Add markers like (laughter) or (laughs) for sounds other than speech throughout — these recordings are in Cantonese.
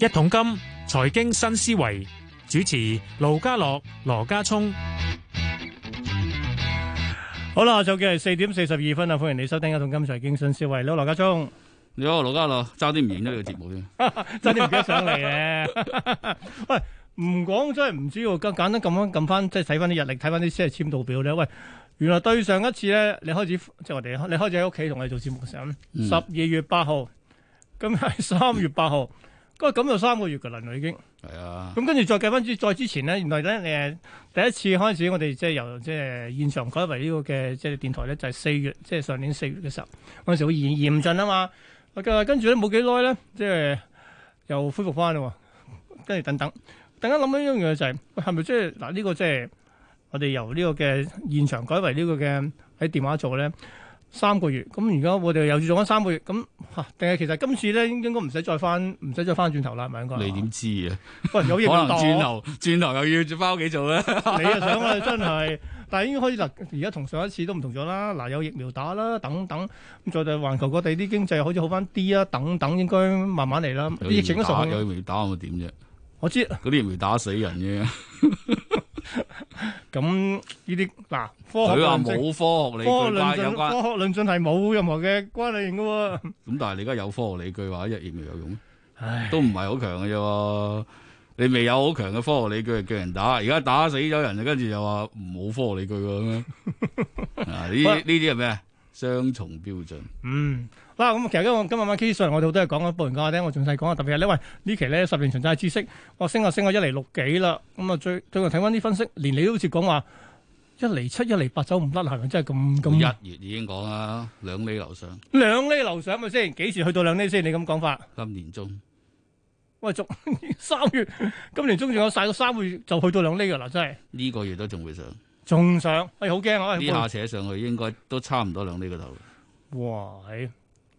一桶金財經新思維主持盧家樂羅家聰好啦，下晝嘅係四點四十二分啊！歡迎你收聽一桶金財經新思維。你好，羅家聰。你好，盧家樂。爭啲唔影得你嘅節目添，爭啲唔記得上嚟嘅。 (laughs) 喂，唔講真係唔知喎。咁簡單撳翻撳翻，即係睇翻啲日曆，睇翻啲先係簽到表咧。喂，原來對上一次咧，你開始即係我哋，你開始喺屋企同我哋做節目嘅時候，十二月八號。咁係三月八號，嗰個咁就三個月噶啦，已經。係啊。咁跟住再計翻之再之前咧，原來咧誒、呃、第一次開始，我哋即係由即係現場改為呢個嘅即係電台咧，就係、是、四月，即、就、係、是、上年四月嘅時候，嗰陣時好嚴峻啊嘛。跟住咧冇幾耐咧，即係、就是、又恢復翻咯。跟住等等，大家諗緊一樣嘢就係、是，喂、就是，係咪即係嗱？呢、這個即係我哋由呢個嘅現場改為呢個嘅喺電話做咧？三個月，咁而家我哋又要做翻三個月，咁定係其實今次咧應該唔使再翻，唔使再翻轉頭啦，係咪應該？你點知啊？喂、哎，有 (laughs) 可能轉頭，轉頭又要翻屋企做咧。 (laughs) 你啊想啊，真係。但係應該開始嗱，而家同上一次都唔同咗啦。嗱、啊，有疫苗打啦，等等，再就環球各地啲經濟好似好翻啲啊，等等，應該慢慢嚟啦。有疫苗疫情都十個月未打，打我點啫？我知。嗰啲疫苗打死人啫。 (laughs) 咁呢啲嗱，科學佢話冇科學理據有關，科學論真係冇任何嘅關聯噶。咁但係你而家有科學理據話一言未有用，都唔係好強嘅啫。你未有好強嘅科學理據，叫人打，而家打死咗人跟就跟住又話冇科學理據嘅。啊 (laughs) 些，呢呢啲係咩？雙重標準。嗯，嗱、啊，咁其實今日今 s K 上我哋都係講咗，播完架我聽，我仲細講下。特別係呢位。呢期呢十年長債孳息，我升啊升啊，升一厘六幾啦，咁啊，最最近睇翻啲分析，連你都好似講話一厘七、一厘八走唔甩，係咪真係咁咁？一月已經講啦，兩厘樓上。兩厘樓上咪先？幾時去到兩厘先？你咁講法？今年中。喂，仲三月？今年中仲有晒到三個月就去到兩厘噶啦，真係。呢個月都仲會上。仲上，哎，好驚啊！啲，哎、下扯上去，應該都差唔多兩厘個頭。哇，係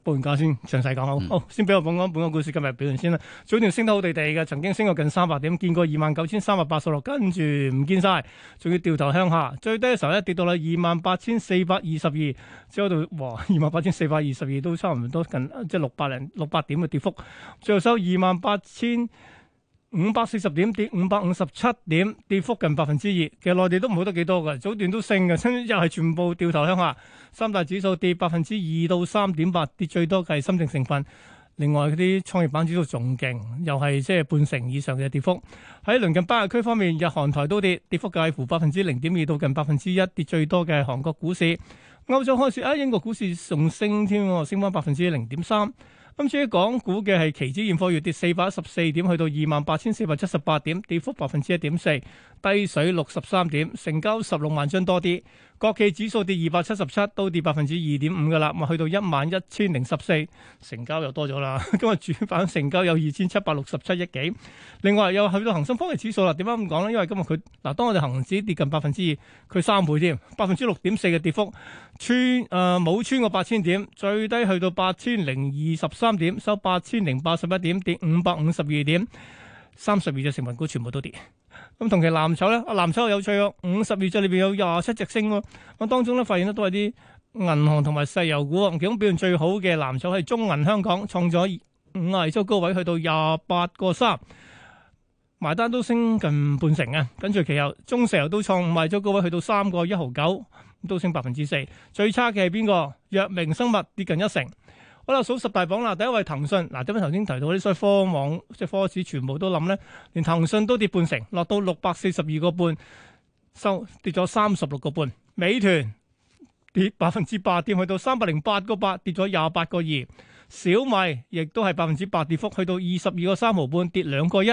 報完價先，詳細講好。嗯、好，先俾我講講本港股市。今日表現先啦。早段升得好地地嘅，曾經升過近三百點，見過二萬九千三百八十六，跟住唔見晒，仲要掉頭向下。最低嘅時候咧，跌到啦二萬八千四百二十二，收喺度。哇，二萬八千四百二十二都差唔多近，即係六百零六百點嘅跌幅。最後收二萬八千。五百四十點，跌五百五十七點，跌幅近百分之二。其實內地都唔好得幾多嘅，早段都升嘅，又係全部掉頭向下。三大指數跌百分之二到三點八，跌最多嘅係深證成分。另外嗰啲創業板指數仲勁，又係即係半成以上嘅跌幅。喺鄰近八日區方面，日韓台都跌，跌幅介乎百分之零點二到近百分之一，跌最多嘅係韓國股市。歐洲開市，啊，英國股市仲升添，升返百分之零點三。今次港股嘅係期指現貨月跌四百一十四點，去到二萬八千四百七十八點，跌幅百分之一點四。低水六十三點，成交十六萬張多啲。國企指數跌二百七十七，都跌百分之二點五噶啦，咪去到一萬一千零十四，成交又多咗啦。今日主板成交有二千七百六十七億幾。另外又去到恒生科技指數啦，點解咁講呢？因為今日佢嗱，當我哋恒指跌近百分之二，佢三倍添，百分之六點四嘅跌幅穿誒、呃、冇穿過八千點，最低去到八千零二十三點，收八千零八十一點，跌五百五十二點，三十二隻成分股全部都跌。咁同期藍籌咧，阿藍籌有趣喎、哦，五十二隻裏邊有廿七隻升喎、哦。咁當中咧，發現咧都係啲銀行同埋石油股，其中表現最好嘅藍籌係中銀香港，創咗五十二週高位，去到廿八個三，埋單都升近半成啊。跟住其後，中石油都創五十二週高位，去到三個一毫九，都升百分之四。最差嘅係邊個？藥明生物跌近一成。我哋數十大榜啦，第一位騰訊，嗱，點解頭先提到呢，所以科網即係科市，全部都諗咧，連騰訊都跌半成，落到六百四十二個半，收跌咗三十六個半。美團跌百分之八，跌去到三百零八個八，跌咗廿八個二。小米亦都係百分之八跌幅，去到二十二個三毫半，跌兩個一。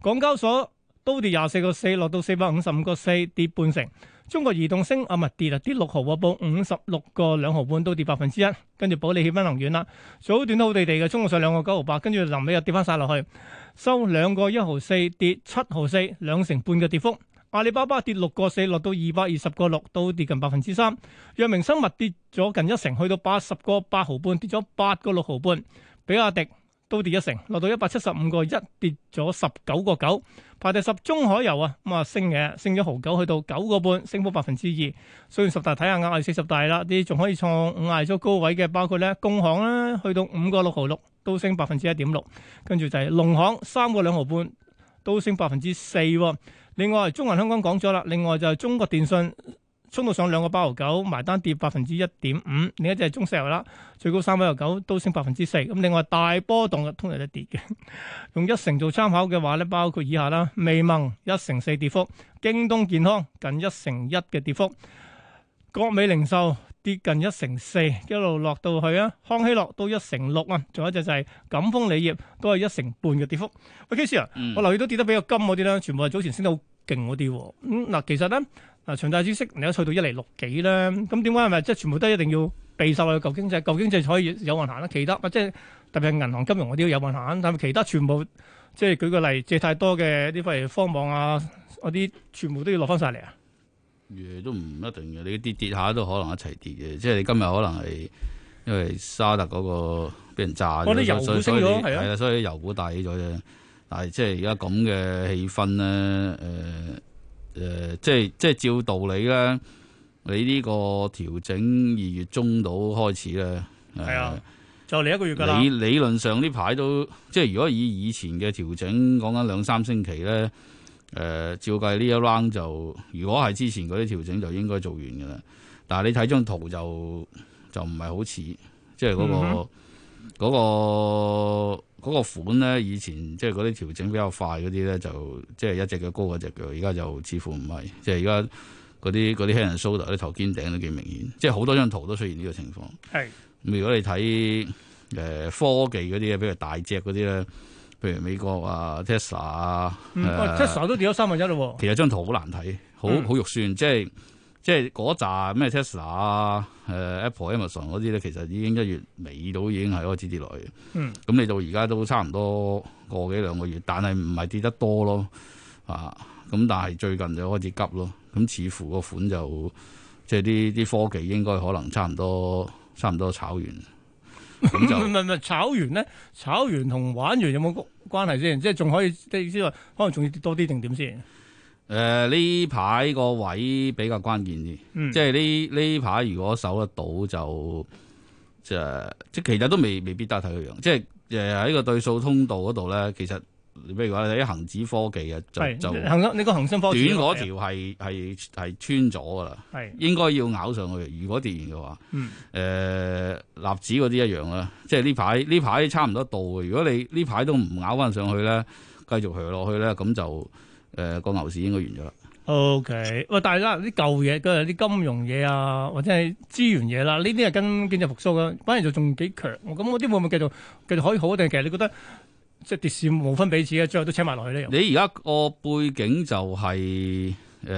港交所都跌廿四個四，落到四百五十五個四，跌半成。中國移動升啊，唔係跌啊，跌六毫啊，報五十六個兩毫半，5, 都跌百分之一。跟住保利、協鑫、能源啦，早段都好地地嘅，中衝上兩個九毫八，跟住臨尾又跌翻晒落去，收兩個一毫四，跌七毫四，兩成半嘅跌幅。阿里巴巴跌六個四，落到二百二十個六，都跌近百分之三。藥明生物跌咗近一成，去到八十個八毫半，跌咗八個六毫半。比亞迪都跌一成，落到一百七十五個一，跌咗十九個九。排第十中海油啊，咁啊升嘅，升咗毫九去到九個半，升幅百分之二。雖然十大睇下，壓力四十大啦，啲仲可以創五壓咗高位嘅，包括咧工行啦，去到五個六毫六，都升百分之一點六。跟住就係農行三個兩毫半，都升百分之四。另外中銀香港講咗啦，另外就係中國電信。衝到上兩個八毫九，埋單跌百分之一點五。另一隻係中石油啦，最高三蚊九，都升百分之四。咁另外大波動嘅通常都跌嘅。用一成做參考嘅話咧，包括以下啦：微盟一成四跌幅，京東健康近一成一嘅跌幅，國美零售跌近一成四，一路落到去啊。康希諾都一成六啊，仲有一隻就係錦豐鋰業都係一成半嘅跌幅。阿 K 先生，我留意到跌得比較金嗰啲咧，全部係早前升得好勁嗰啲。嗯嗱，其實咧。啊，長債孳息，你都去到一釐六幾啦。咁點解係咪即係全部都一定要備受去舊經濟，舊經濟就可以有運行啦，其他即係特別係銀行金融嗰啲有運行。但係其他全部即係舉個例，借太多嘅啲譬如方網啊，嗰啲全部都要落翻晒嚟啊。都唔一定嘅，你跌跌下都可能一齊跌嘅。即係你今日可能係因為沙特嗰個俾人炸油咗，升咗。係啊，所以油股大起咗啫。但係即係而家咁嘅氣氛咧，誒、呃。誒、呃，即係即係照道理咧，你呢個調整二月中到開始咧，係啊，呃、就嚟一個月啦。理理論上呢排都即係如果以以前嘅調整講緊兩三星期咧，誒、呃，照計呢一 round 就如果係之前嗰啲調整就應該做完噶啦，但係你睇張圖就就唔係好似，即係嗰個個。嗯哼嗰個嗰個款咧，以前即係嗰啲調整比較快嗰啲咧，就即係一隻腳高一隻腳，而家就似乎唔係，即係而家嗰啲嗰啲 head and shoulder 啲頭肩頂都幾明顯，即係好多張圖都出現呢個情況。係是，嗯嗯、如果你睇誒、呃、科技嗰啲啊，比如大隻嗰啲咧，譬如美國啊 Tesla 啊，t e s l a、嗯啊、都掉咗三分一咯、啊。其實張圖好難睇，好好肉酸，即係、嗯。嗯即係嗰扎咩 Tesla 啊、誒、呃、Apple、Amazon 嗰啲咧，其實已經一月尾到已經係開始跌落去。嗯，咁你、嗯、到而家都差唔多個幾兩個月，但係唔係跌得多咯。啊，咁但係最近就開始急咯。咁、嗯、似乎個款就即係啲啲科技應該可能差唔多，差唔多炒完。唔係唔係，炒完咧，炒完同玩完有冇關係先？即係仲可以，即係意思話，可能仲要跌多啲定點先？誒，呢排個位比較關鍵啲，嗯、即係呢呢排如果守得到就就即係其實都未未必得睇佢樣，即係誒喺個對數通道嗰度咧，其實譬如話你喺恒指科技啊，是，就恒，你個恒生科技短嗰條係係係穿咗噶啦，係是應該要咬上去。如果跌完嘅話，誒是，納、呃、指嗰啲一樣啦，即係呢排呢排差唔多到嘅。如果你呢排都唔咬翻上去咧，繼續落去咧，咁就。誒，個、呃、牛市應該完咗啦。OK，喂，但係啦，啲舊嘢，都嗰啲金融嘢啊，或者係資源嘢啦、啊，呢啲係跟經濟復蘇咯，反而就仲幾強。咁嗰啲會唔會繼續繼續可以好定？其實你覺得即係跌市無分彼此嘅，最後都請埋落去咧。你而家個背景就係、是、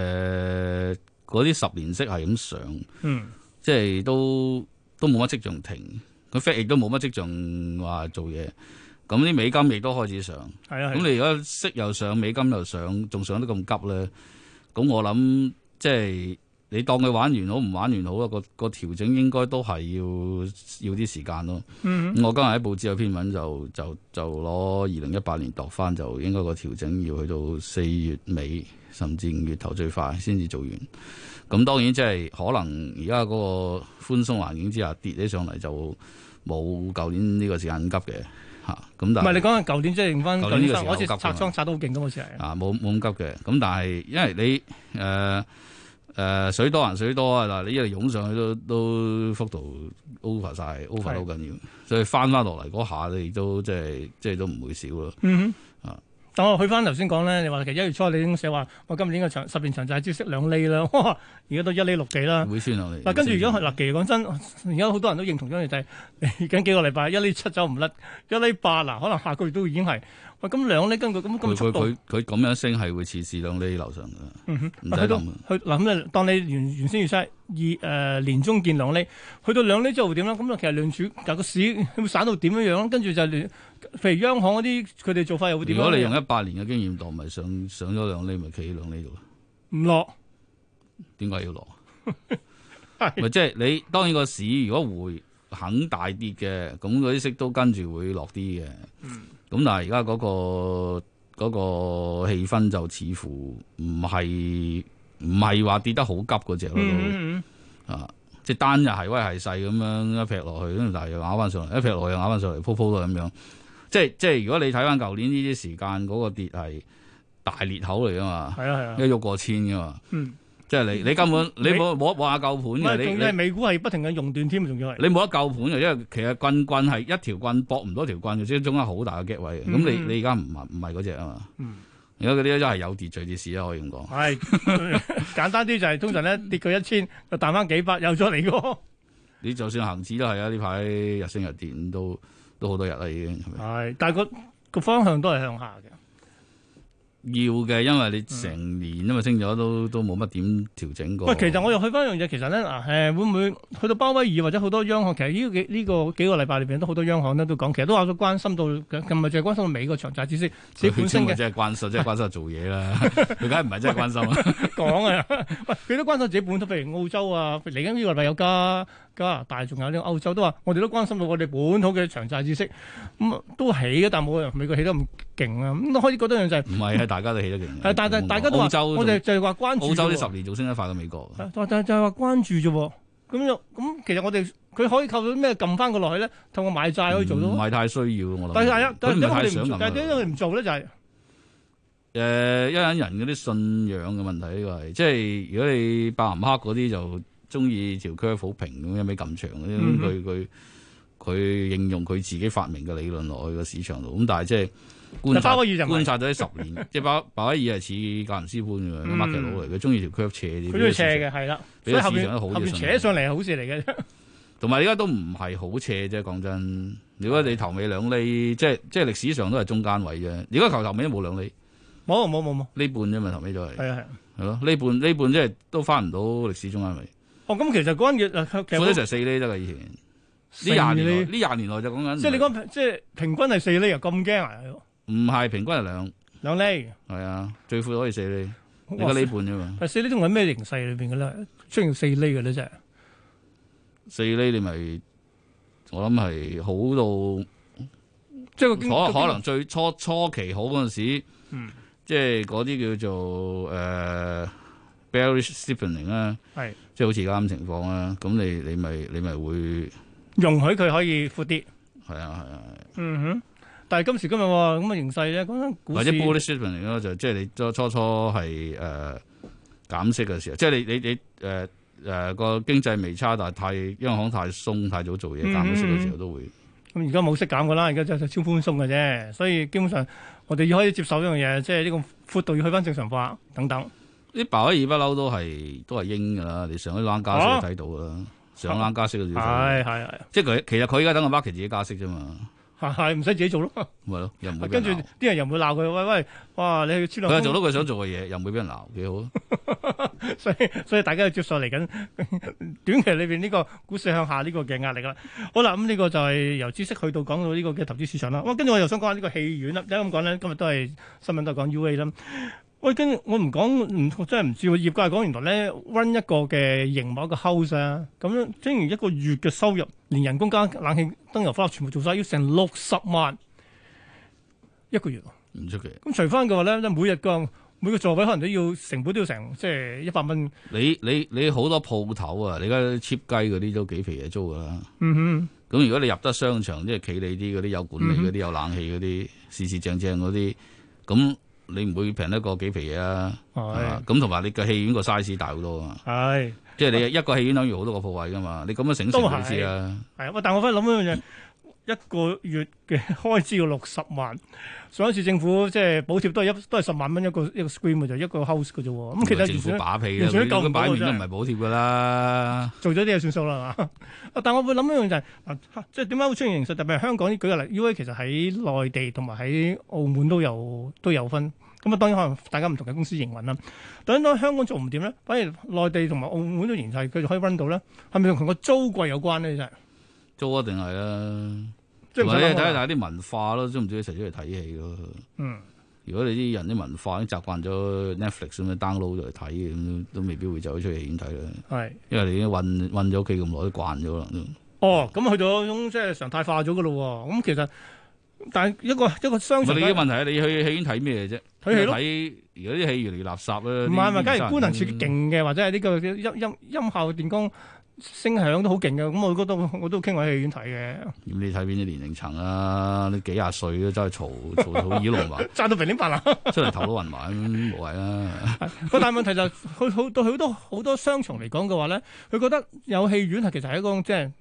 誒，嗰、呃、啲十年息係咁上，嗯、即係都都冇乜跡象停，個 Fed 亦都冇乜跡象話做嘢。咁啲美金亦都開始上，咁你而家息又上，美金又上，仲上得咁急咧？咁我諗即係。你當佢玩完好，唔玩完好啊？個個調整應該都係要要啲時間咯。咁、嗯嗯、我今日喺報紙有篇文就就就攞二零一八年度翻，就應該個調整要去到四月尾，甚至五月頭最快先至做完。咁當然即係可能而家嗰個寬鬆環境之下跌起上嚟就冇舊年呢個時間咁急嘅嚇。咁、啊、但唔係你講緊舊年即係用翻舊年，年好似拆窗拆得好勁嘅，好似係啊冇冇咁急嘅。咁但係因為你誒。呃呃誒、呃、水多還水多啊！嗱， (noise) 你一嚟湧上去都都幅度 over 晒 over 好緊要，所以翻翻落嚟嗰下你亦都即係即係都唔會少咯。嗯哼。去翻頭先講咧，你話其實一月初你已經寫話，我今年嘅長十年長債知識兩厘啦，而家都一厘六幾啦。會算兩厘。嗱、啊，4 跟住而家嗱，其實講真，而家好多人都認同咗就係，而家幾個禮拜一厘七走唔甩，一厘八嗱，可能下個月都已經係喂咁兩厘根據咁咁佢佢咁樣升係會持續兩厘樓上㗎，唔使諗。去諗咧、啊，當你原原，原先預測二誒年中見兩厘，去到兩厘之後會點咧？咁其實梁柱但個市會散到點樣樣跟住就連。譬如央行嗰啲佢哋做法又會點？如果你用一百年嘅經驗度，咪上上咗兩厘咪企兩厘度。唔落點解要落？咪即係你當然個市如果會肯大跌嘅，咁嗰啲息都跟住會落啲嘅。咁、嗯、但係而家嗰個嗰、那個、氣氛就似乎唔係唔係話跌得好急嗰隻咯。嗯嗯啊，即、就、係、是、單日係威係勢咁樣一劈落去，跟住但係又咬翻上嚟，一劈落去又咬翻上嚟，鋪鋪都咁樣。即係即係，如果你睇翻舊年呢啲時間，嗰個跌係大裂口嚟啊嘛，係啊係啊，一喐過千噶嘛，嗯，即係你你根本你冇冇冇一嚿盤嘅，你你美股係不停嘅熔斷添，仲要係你冇得嚿盤啊，因為其實棍棍係一條棍搏唔到條棍，所以中間好大嘅 gap 位，咁你你而家唔唔係嗰隻啊嘛，嗯，而家嗰啲都係有秩序啲市啦。可以咁講，係簡單啲就係通常咧跌佢一千，又彈翻幾百，又再嚟過，你就算行市都係啊，呢排日升日跌都。都好多日啦，已經係，但係個個方向都係向下嘅。要嘅，因為你成年、嗯、因為升咗，都都冇乜點調整過。喂，其實我又去翻一樣嘢，其實咧啊，誒會唔會去到鮑威爾或者好多央行？其實呢個呢、呢個幾個禮拜裏邊都好多央行咧都講，其實都話都關心到，近咪就係關心到美國長債指數，自己本身嘅即係關心，即係關心做嘢啦。佢梗係唔係真係關心啊？講啊！佢都關心自己本土，譬如澳洲啊，嚟緊呢個禮拜有加，加拿大仲有呢個歐洲都話，我哋都關心到我哋本土嘅長債孳息，咁、嗯、都起嘅，但冇人美國起得咁勁啊！咁、嗯、都可以覺得樣就係唔係啊？大家都起得勁但係大家話，我哋就係話關注澳洲啲十年孳息得快過美國。係就就就係話關注啫，咁、嗯、咁其實我哋佢可以靠啲咩撳翻佢落去咧，透過買債可以做到。唔係、嗯、太需要我諗。但係第一，但係點解佢唔做咧？就係、是、誒、呃，一個人嗰啲信仰嘅問題呢個係，即係如果你白唔黑嗰啲就。中意條 curve 好平咁有咩咁長，咁佢佢佢應用佢自己發明嘅理論落去個市場度，咁但係即係觀察咗十年，即係巴巴威爾係似格林斯潘嘅 market 佬嚟，佢中意條 curve 斜啲。佢都斜嘅，係啦。比市場都好啲。扯上嚟好事嚟嘅，同埋而家都唔係好斜啫。講真，如果你頭尾兩厘，即係即係歷史上都係中間位嘅。而家球頭尾都冇兩厘？冇冇冇冇，呢半啫嘛，頭尾都係。係啊咯，呢半呢半即係都翻唔到歷史中間位。咁其實講緊嘅，其實最四厘得噶，以前呢廿年內呢廿年內就講緊，即係你講即係平均係四厘啊，咁驚啊！唔係平均係兩兩厘，係啊，最富可以四厘，而家呢半啫嘛。但四厘仲喺咩形勢裏邊噶咧？出現四厘嘅咧，真係四厘，你咪我諗係好到即係可可能最初初期好嗰陣時，即係嗰啲叫做誒 bearish steepening 啊，係。即係好似而家咁情況啦，咁你你咪你咪會容許佢可以闊啲？係啊係啊，啊嗯哼。但係今時今日喎，咁嘅形勢咧，嗰陣或者 bullish 水平咯，就即係你初初初係誒減息嘅時候，即係你你你誒誒個經濟微差，但係太央行太鬆，太早做嘢減息嘅時候都會。咁而家冇息減㗎啦，而家就係超寬鬆嘅啫，所以基本上我哋要可以接受一樣嘢，即係呢個闊度要去翻正常化等等。啲鮑威爾不嬲都係都係英噶啦，你上一輪加息睇到啦，啊、上攞攬加息嘅主係係係，即係佢其實佢而家等個 market 自己加息啫嘛，係唔使自己做咯會、啊，咪咯，跟住啲人又唔會鬧佢，喂喂，哇，你去兩，佢做到佢想做嘅嘢，嗯、又唔會俾人鬧，幾好啊！ (laughs) 所以所以大家要接受嚟緊短期裏邊呢個股市向下呢個嘅壓力啦。好啦，咁、嗯、呢、這個就係由知識去到講到呢個嘅投資市場啦。我、哦、跟住我又想講下呢個戲院啦，而家咁講咧，今日都係新聞都係講 U A 啦。喂，跟，我唔講，唔真係唔知喎。業界講原來咧 run 一個嘅營某個 house 啊，咁樣，正如一個月嘅收入，連人工加冷氣燈油花全部做晒，要成六十萬一個月唔、啊、出奇。咁除翻嘅話咧，每日個每個座位可能都要成本都要成，即係一百蚊。你你你好多鋪頭啊！你而家切雞嗰啲都幾肥嘢租噶啦。咁、嗯、哼如果你入得商場，即、就、係、是、企你啲嗰啲有管理嗰啲有、嗯、哼有冷氣嗰啲，四四正正嗰啲，咁。你唔會平得過幾皮嘢啊？咁同埋你嘅戲院個 size 大好多啊！是即係你一個戲院等於好多個鋪位㗎嘛？你咁樣省成本先啊！係啊，喂！但我翻去諗一樣嘢，嗯、一個月嘅開支要六十萬，上一次政府即係補貼都係一都係十萬蚊一個一個 screen 就一個 house 嘅啫喎。咁、嗯、其實，其實政府把屁嘅啦，你根本擺明都唔係補貼㗎啦。做咗啲就算數啦，但我會諗一樣就係、是啊、即係點解好出現形勢？特別係香港，舉個例，UA、e、其實喺內地同埋喺澳門都有都有分。咁啊，當然可能大家唔同嘅公司營運啦。等等，香港做唔掂咧，反而內地同埋澳門都形勢繼續可以溫到咧，係咪同個租貴有關呢？真係租一定係啦？唔係你睇下啲文化咯，中唔中意成日出嚟睇戲咯？嗯，如果你啲人啲文化已經習慣咗 Netflix 咁樣 download 就嚟睇嘅，都未必會走出去戲院睇啦。係因為你已經運運咗屋企咁耐，都慣咗啦。哦，咁、嗯嗯哦、去到即係常態化咗嘅咯。咁、嗯、其實。但係一個一個商場，我哋啲問題啊！你去戲院睇咩啫？睇戲咯，而家啲戲越嚟越垃圾啦。唔係，唔係，梗係觀能刺激勁嘅，或者係呢個音音效、電光、聲響都好勁嘅，咁我覺得我都傾往戲院睇嘅。咁、嗯、你睇邊啲年齡層啊？你幾廿歲都真係嘈嘈到耳聾埋，賺到鼻點辦啊？出嚟頭都暈埋，冇謂啦。個 (laughs) 大問題就佢好對好多好多商場嚟講嘅話咧，佢覺得有戲院係其實係一個即係。就是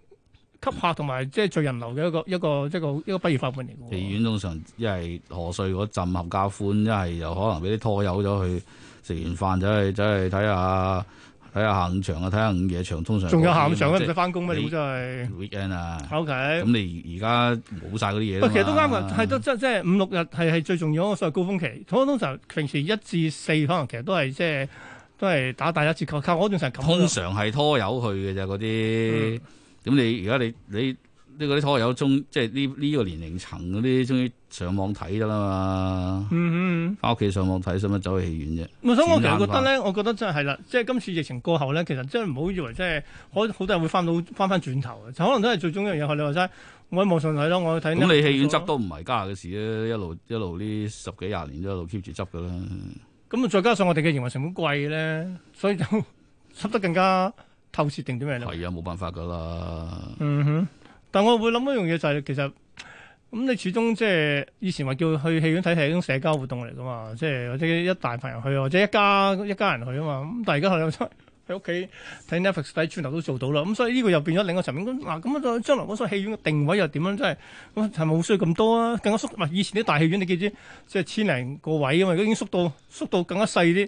吸客同埋即係聚人流嘅一個一個一個一個不二法門嚟嘅。戲院通常一係賀歲嗰陣合家歡，一係又可能俾啲拖友咗去食完飯就去就係睇下睇下下午場啊，睇下午夜場。通常仲有下午場啊，唔使翻工咩？你點真係 weekend 啊？O K。咁你而家冇晒嗰啲嘢。其實都啱嘅，係都即即係五六日係係最重要嗰個所謂高峰期。通常平時一至四可能其實都係即係都係打第一折扣。我通常通常係拖友去嘅啫，嗰啲。咁你而家你你呢個啲小朋友中即係呢呢個年齡層嗰啲中意上網睇㗎啦嘛，翻屋企上網睇，使乜走去戲院啫？咁所以我其實覺得咧，我覺得真係啦，即係今次疫情過後咧，其實真係唔好以為即係可好多人會翻到翻翻轉頭嘅，可能都係最中一樣嘢，學你話齋，我喺網上睇咯，我去睇。咁你戲院執都唔係家下嘅事咧，一路一路呢十幾廿年都一路 keep 住執嘅啦。咁再加上我哋嘅營運成本貴咧，所以就執得更加。透視定啲咩咯？係啊，冇辦法噶啦。嗯哼，但我會諗一樣嘢就係、是，其實咁、嗯、你始終即係以前話叫去戲院睇係一種社交活動嚟噶嘛，即係或者一大群人去，或者一家一家人去啊嘛。咁但係而家後生喺屋企睇 Netflix 睇村頭都做到啦。咁、嗯、所以呢個又變咗另一個層面。咁嗱，咁啊將、嗯、來嗰所戲院嘅定位又點樣？真係咁係咪冇需要咁多啊？更加縮以前啲大戲院你記住，即係千零個位啊嘛，已經縮到縮到更加細啲。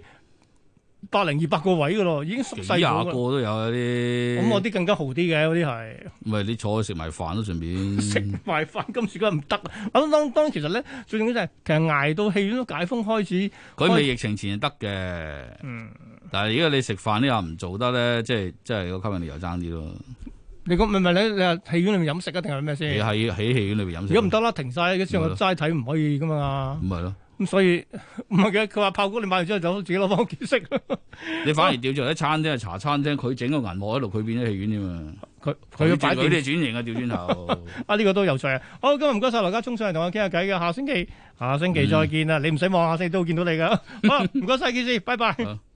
百零二百個位嘅咯，已經縮細廿個都有一啲。咁我啲更加豪啲嘅，有啲係。唔係你坐去食埋飯咯，順便。食埋飯咁，今時今日唔得。咁當當然，其實咧，最重要就係其實挨到戲院都解封開始。佢未疫情前得嘅。嗯。但係如果你食飯啲又唔做得咧，即係即係個吸引力又差啲咯。你講唔係唔係咧？你係戲院裏面飲食一定係咩先？係喺戲院裏面飲食、啊。如果唔得啦，停晒，如果只係個齋睇唔可以噶嘛。唔係咯。 (music) 嗯咁所以唔係嘅，佢話爆谷，你買完之後就自己攞返屋企食。你反而掉咗一餐廳，啊、茶餐廳，佢整個銀幕喺度，佢變咗戲院啫嘛。佢佢要擺佢定哋轉型啊，掉轉頭。 (laughs) 啊，呢、呢個都有趣啊！好，今日唔該晒。羅家聰上嚟同我傾下偈嘅，下星期下星期再見啊！嗯、你唔使望下星期都會見到你嘅。好，唔該晒。見先，拜拜。 (laughs) (laughs)